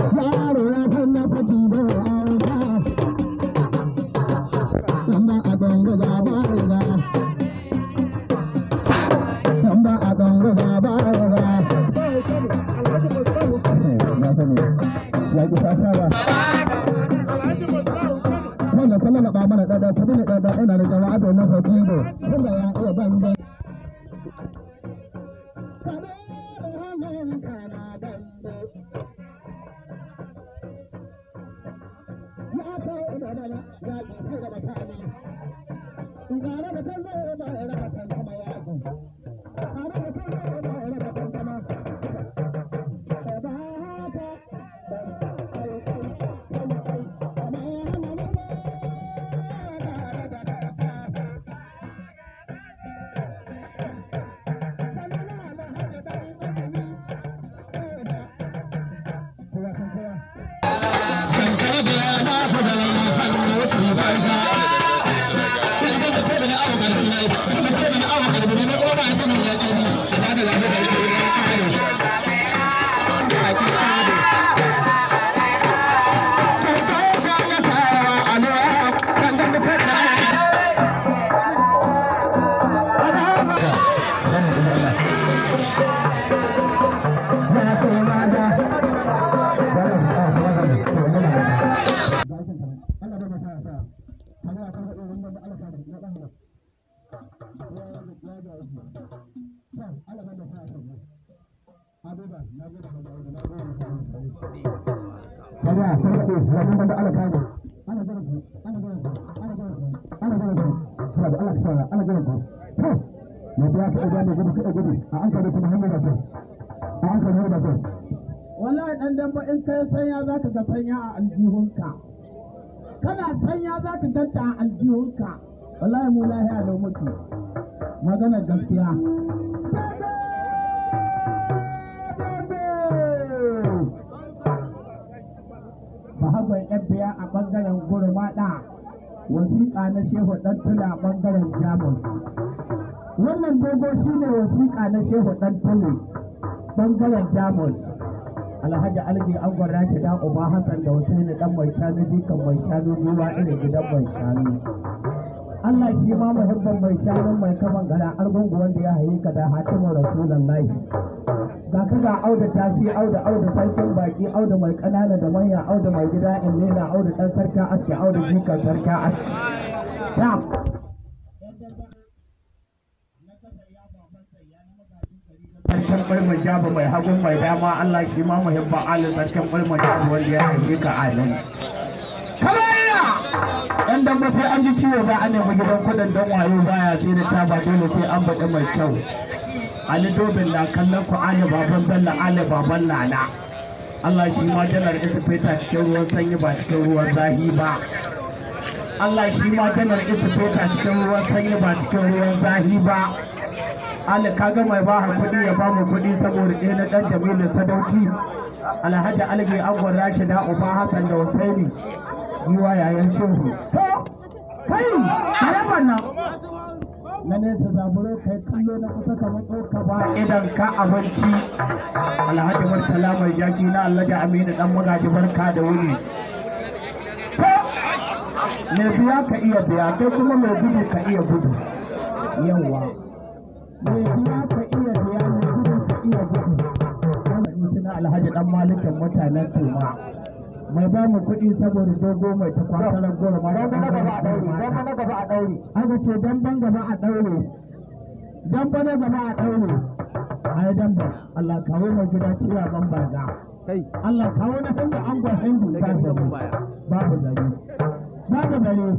wannan kallon ba mana dada ta dada ina da jama'a da na ne. kuma ya iya ban daga da gudu a a wallahi dan dan ba in kai sanya zaka ga sanya a aljihunka kana sanya zaka ganta a aljihunka wallahi mu lahiya da mutu magana gaskiya sahabar biya a bangaren gurmaɗa wasiƙa na shehu ɗantula a bangaren jamus wannan dogo shi ne wasiƙa na shehu ɗantula bangaren jamus alhaji algi an gwara shi da uba hasan da wasu ne dan mai shanu jikan mai shanu ruwa irin gidan mai shanu Allah shi ma muhibban mai shanun mai kaman gada argungu wanda ya haye ka da hatimin rasulun nai ga ka ga auda tashi auda auda sarkin baki auda mai kanana da manya auda mai gida in nena auda dan sarka aski auda jika sarka aski sarkin ɓarma jaba mai hagun mai dama Allah shi ma muhibban alin sarkin ɓarma jaba wanda ya haye ka alin. Kamar dan dan sai an ji ciwo za a nemi gidan kudin dan wayo baya sai da taba dole sai an baɗi mai kyau ali dobin na kallon ku ali baban balla ali baban Nana. Allah shi ma janar isa feta cikin ruwan sanyi ba cikin ruwan zahi ba Allah shi ma janar isa feta cikin ruwan sanyi ba cikin ruwan zahi ba Ali kaga mai ba kuɗi ya ba mu kuɗi saboda ɗaya na ɗan jamilu sadauki alhaji alge angon rashida uba hassan da husaini ruwa yayin shehu kai yaban nan na nesa zaburo kai kallo na kusa ka matso ka ba idan ka abinci alhaji murtala mai jaki na Allah alhaji aminu dan magaji barka da wuri wuni me biya ka iya biya kai kuma mai gudu ka iya gudu yawa mai biya ka iya biya mai gudu ka iya gudu alhaji dan malikin mutanen tuma mai ba mu kuɗi saboda dogo mai ta kwatarar goro ma don gaba a ɗaure aka ce dan ban gaba a ɗaure dan ban gaba a ɗaure ai dan ba Allah kawo mai gida tiya ban barga Allah kawo na hanga angon hindu ba babu Ba babu zari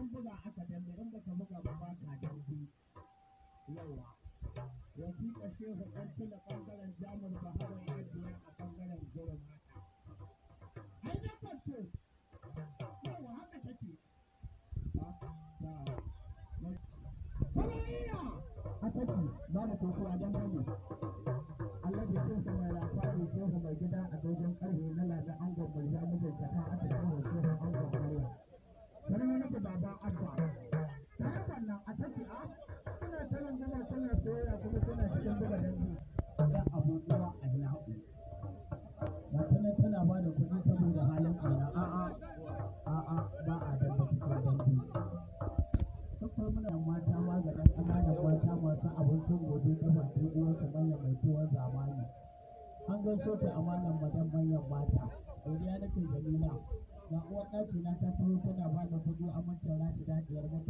an buga aka da in ta buga ba ba ka dambe yawa wasiƙa shehu ɗan tuna ɓangaren jamus bahawai ya biya a ɓangaren gurin mata har ya yawa haka take ba ina! ba ce, ba da tofuwa don gani. da kuɗi saboda halin ƙauna a'a a'a ba a da cikin dambe tukar muna mata ma ga ɗan ƙananan mata masu abincin gobe kafa ɗan uwansa manya mai tuwon zamani an gaishe ta amanan madan manyan mata godiya nake jamila ga uwar ɗaki na ta taho tana ba da kuɗi amincin rashi daɗiyar mata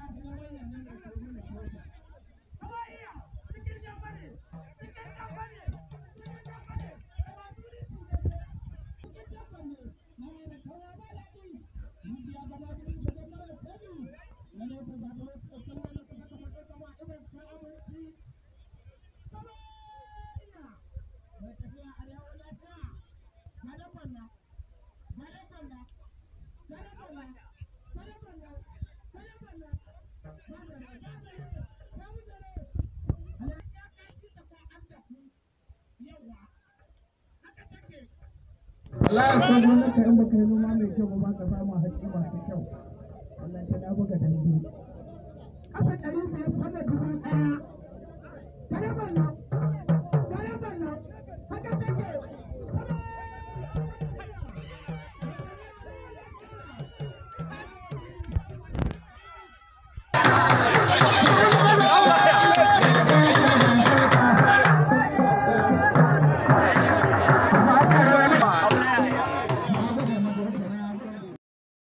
wallahi ko gwamnati in baka yi noma mai kyau ba ka samu haƙƙi masu kyau wallahi ta dafa ga dambe kasa ɗari sai fara dubu ɗaya